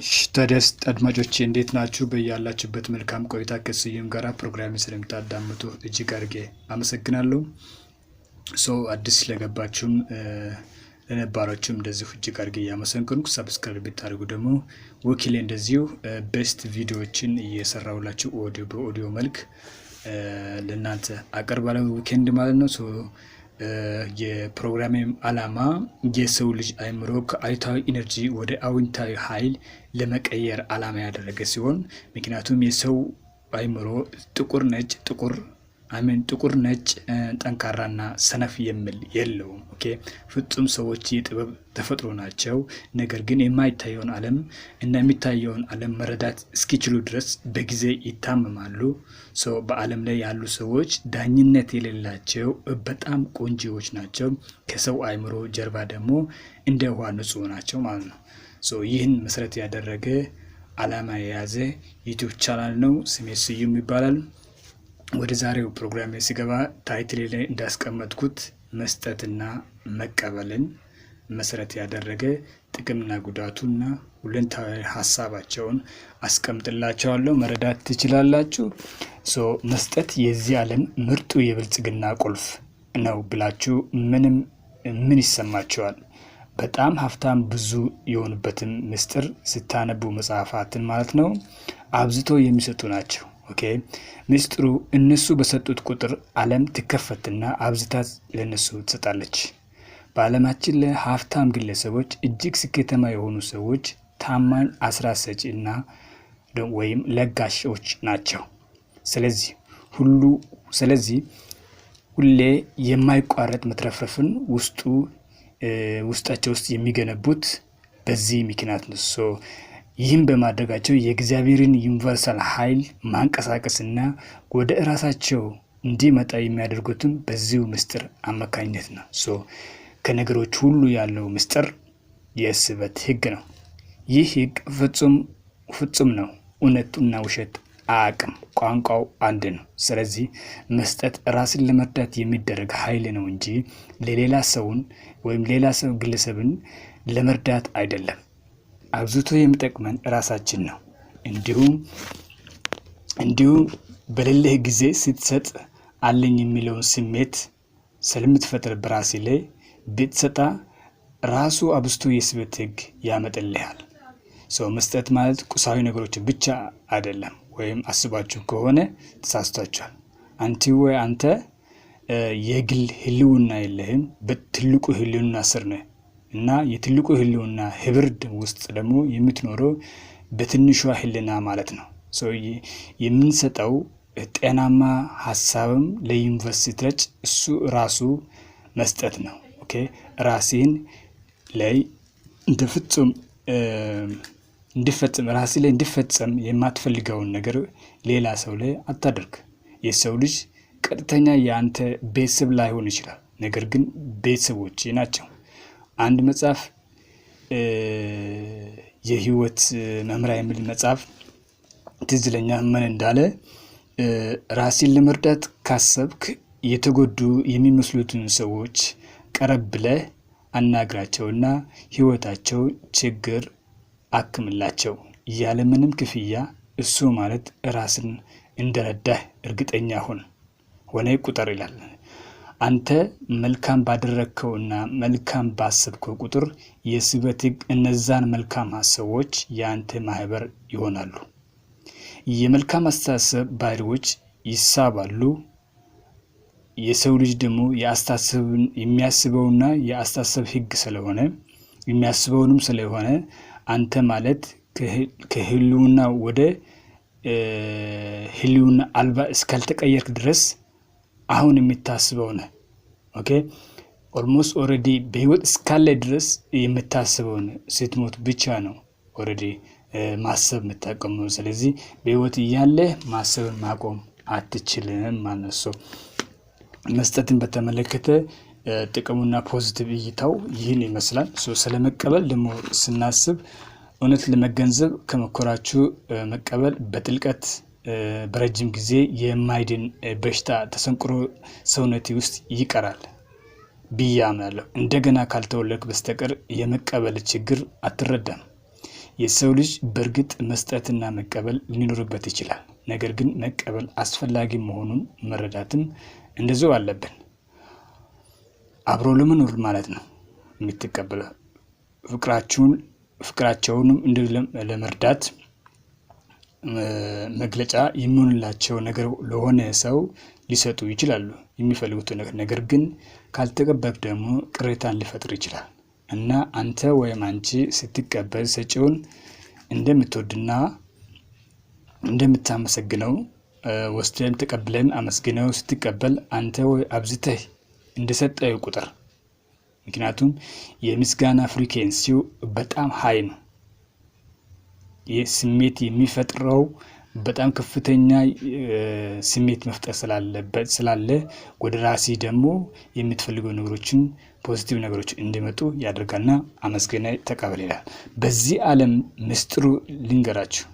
እሺ አድማጮች አድማጮቼ እንዴት ናችሁ? በያላችሁበት መልካም ቆይታ ከስዩም ጋር ፕሮግራም ስለምታዳምጡ እጅግ አድርጌ አመሰግናለሁ። ሰው አዲስ ለገባችሁም ለነባሮችም እንደዚሁ እጅግ አድርጌ እያመሰግንኩ ሳብስክራይብ ብታደርጉ ደግሞ ወኪሌ እንደዚሁ ቤስት ቪዲዮዎችን እየሰራሁላችሁ በኦዲዮ መልክ ለእናንተ አቀርባለሁ ዊኬንድ ማለት ነው። የፕሮግራሜም ዓላማ የሰው ልጅ አእምሮ ከአሉታዊ ኢነርጂ ወደ አዎንታዊ ኃይል ለመቀየር ዓላማ ያደረገ ሲሆን ምክንያቱም የሰው አእምሮ ጥቁር ነጭ ጥቁር አሜን። ጥቁር ነጭ፣ ጠንካራና ሰነፍ የሚል የለውም። ኦኬ። ፍጹም ሰዎች የጥበብ ተፈጥሮ ናቸው። ነገር ግን የማይታየውን ዓለም እና የሚታየውን ዓለም መረዳት እስኪችሉ ድረስ በጊዜ ይታመማሉ። ሰው በዓለም ላይ ያሉ ሰዎች ዳኝነት የሌላቸው በጣም ቆንጂዎች ናቸው። ከሰው አእምሮ ጀርባ ደግሞ እንደ ውሃ ንጹህ ናቸው ማለት ነው። ይህን መሰረት ያደረገ ዓላማ የያዘ ዩቱብ ቻናል ነው። ስሜት ስዩም ይባላል። ወደ ዛሬው ፕሮግራም ሲገባ ታይትሌ ላይ እንዳስቀመጥኩት መስጠትና መቀበልን መሰረት ያደረገ ጥቅምና ጉዳቱና ሁለንታዊ ሀሳባቸውን አስቀምጥላቸዋለሁ። መረዳት ትችላላችሁ። ሶ መስጠት የዚህ ዓለም ምርጡ የብልጽግና ቁልፍ ነው ብላችሁ ምንም ምን ይሰማችኋል? በጣም ሀብታም ብዙ የሆኑበትን ምስጢር ስታነቡ መጽሐፋትን ማለት ነው አብዝቶ የሚሰጡ ናቸው። ኦኬ ምስጢሩ እነሱ በሰጡት ቁጥር ዓለም ትከፈትና አብዝታ ለነሱ ትሰጣለች። በዓለማችን ላይ ሀብታም ግለሰቦች፣ እጅግ ስኬታማ የሆኑ ሰዎች ታማኝ አስራ ሰጪ እና ወይም ለጋሾች ናቸው። ስለዚህ ሁሉ ስለዚህ ሁሌ የማይቋረጥ መትረፍረፍን ውስጡ ውስጣቸው ውስጥ የሚገነቡት በዚህ ምክንያት ነው። ይህም በማድረጋቸው የእግዚአብሔርን ዩኒቨርሳል ኃይል ማንቀሳቀስና ወደ እራሳቸው እንዲመጣ የሚያደርጉትም በዚሁ ምስጢር አማካኝነት ነው። ሶ ከነገሮች ሁሉ ያለው ምስጢር የስበት ህግ ነው። ይህ ህግ ፍጹም ፍጹም ነው። እውነቱና ውሸት አቅም ቋንቋው አንድ ነው። ስለዚህ መስጠት ራስን ለመርዳት የሚደረግ ኃይል ነው እንጂ ለሌላ ሰውን ወይም ሌላ ሰው ግለሰብን ለመርዳት አይደለም። አብዝቶ የሚጠቅመን ራሳችን ነው። እንዲሁም እንዲሁም በሌለህ ጊዜ ስትሰጥ አለኝ የሚለውን ስሜት ስለምትፈጥር በራሲ ላይ ብትሰጣ ራሱ አብዝቶ የስበት ህግ ያመጥልሃል። ሰው መስጠት ማለት ቁሳዊ ነገሮችን ብቻ አይደለም። ወይም አስባችሁ ከሆነ ተሳስቷችኋል። አንቲ ወይ አንተ የግል ህልውና የለህም። በትልቁ ህልውና ስር ነህ። እና የትልቁ ህልውና ህብርድ ውስጥ ደግሞ የምትኖረው በትንሿ ህልና ማለት ነው። ሰውዬ የምንሰጠው ጤናማ ሀሳብም ለዩኒቨርሲቲ ስትረጭ እሱ ራሱ መስጠት ነው። ኦኬ ራሴን ላይ እንደፍጹም እንድፈጽም ራሴ ላይ እንዲፈጸም የማትፈልገውን ነገር ሌላ ሰው ላይ አታደርግ። የሰው ልጅ ቀጥተኛ የአንተ ቤተሰብ ላይሆን ይችላል፣ ነገር ግን ቤተሰቦች ናቸው። አንድ መጽሐፍ የህይወት መምሪያ የሚል መጽሐፍ ትዝ ይለኛል። ምን እንዳለ ራሴን ለመርዳት ካሰብክ የተጎዱ የሚመስሉትን ሰዎች ቀረብ ብለህ አናግራቸውና ህይወታቸው ችግር አክምላቸው ያለምንም ክፍያ እሱ ማለት ራስን እንደረዳህ እርግጠኛ ሁን ሆነ ቁጠር ይላል። አንተ መልካም ባደረግከውና መልካም ባሰብከው ቁጥር የስበት ሕግ እነዛን መልካም ሰዎች የአንተ ማህበር ይሆናሉ። የመልካም አስተሳሰብ ባህሪዎች ይሳባሉ። የሰው ልጅ ደግሞ የሚያስበውና የአስተሳሰብ ሕግ ስለሆነ የሚያስበውንም ስለሆነ አንተ ማለት ከህልውና ወደ ህልውና አልባ እስካልተቀየርክ ድረስ አሁን የምታስበው ነህ። ኦኬ ኦልሞስት ኦልሬዲ በህይወት እስካለ ድረስ የምታስበውን ስትሞት ብቻ ነው ኦልሬዲ ማሰብ ነው። ስለዚህ በህይወት እያለ ማሰብን ማቆም አትችልም ማለት መስጠትን በተመለከተ ጥቅሙና ፖዚቲቭ እይታው ይህን ይመስላል። ስለመቀበል ደግሞ ስናስብ እውነት ለመገንዘብ ከመኮራችሁ መቀበል በጥልቀት በረጅም ጊዜ የማይድን በሽታ ተሰንቅሮ ሰውነቴ ውስጥ ይቀራል ብዬ አምናለሁ። እንደገና ካልተወለድክ በስተቀር የመቀበል ችግር አትረዳም። የሰው ልጅ በእርግጥ መስጠትና መቀበል ሊኖርበት ይችላል። ነገር ግን መቀበል አስፈላጊ መሆኑን መረዳትም እንደዚው አለብን። አብሮ ለመኖር ማለት ነው የምትቀበለው ፍቅራቸውንም ለመርዳት መግለጫ የሚሆንላቸው ነገር ለሆነ ሰው ሊሰጡ ይችላሉ የሚፈልጉትን ነገር። ነገር ግን ካልተቀበብ ደግሞ ቅሬታን ሊፈጥር ይችላል እና አንተ ወይም አንቺ ስትቀበል ሰጪውን እንደምትወድና እንደምታመሰግነው ወስደን ተቀብለን አመስግነው ስትቀበል አንተ ወይ አብዝተህ እንደሰጠው ቁጥር ምክንያቱም የምስጋና ፍሪኬንሲው በጣም ሀይ ነው። ስሜት የሚፈጥረው በጣም ከፍተኛ ስሜት መፍጠር ስላለበት ስላለ ወደ ራሴ ደግሞ የምትፈልገው ነገሮችን ፖዚቲቭ ነገሮች እንዲመጡ ያደርጋልና አመስገና ተቀበል ይላል። በዚህ ዓለም ምስጢሩ ልንገራችሁ፣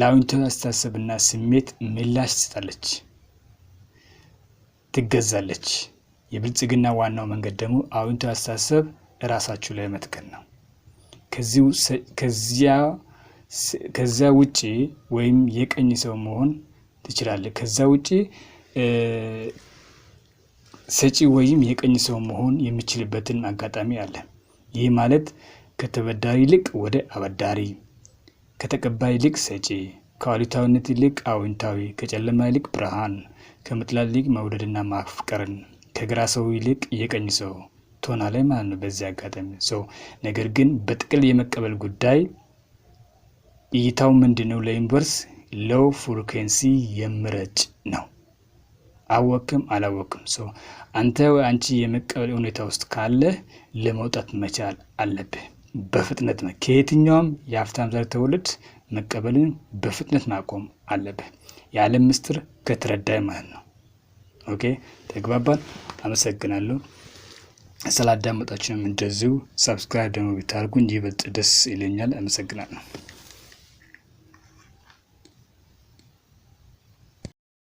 ለአዎንታዊ አስተሳሰብና ስሜት ምላሽ ትሰጣለች፣ ትገዛለች። የብልጽግና ዋናው መንገድ ደግሞ አዎንታዊ አስተሳሰብ እራሳችሁ ላይ መትከል ነው። ከዚያ ከዛ ውጭ ወይም የቀኝ ሰው መሆን ትችላለህ። ከዛ ውጭ ሰጪ ወይም የቀኝ ሰው መሆን የሚችልበትን አጋጣሚ አለ። ይህ ማለት ከተበዳሪ ይልቅ ወደ አበዳሪ፣ ከተቀባይ ይልቅ ሰጪ፣ ከአሉታዊነት ይልቅ አዎንታዊ፣ ከጨለማ ይልቅ ብርሃን፣ ከመጥላት ይልቅ መውደድና ማፍቀርን፣ ከግራ ሰው ይልቅ የቀኝ ሰው ትሆናለህ ማለት ነው። በዚህ አጋጣሚ ሰው ነገር ግን በጥቅል የመቀበል ጉዳይ እይታው ነው? ለዩኒቨርስ ሎው ፍሪኩንሲ የምረጭ ነው። አወክም አላወክም ሰው አንተ ወይ አንቺ የመቀበል ሁኔታ ውስጥ ካለ ለመውጣት መቻል አለብህ። በፍጥነት ነው ከየትኛውም የሀብታም ዘር ትውልድ መቀበልን በፍጥነት ማቆም አለብህ። የዓለም ምስጢር ከተረዳይ ማለት ነው። ኦኬ ተግባባል። አመሰግናለሁ ስላዳመጣችሁንም። እንደዚሁ ሰብስክራይብ ደግሞ ቢታርጉ እንጂ ይበልጥ ደስ ይለኛል። አመሰግናለሁ።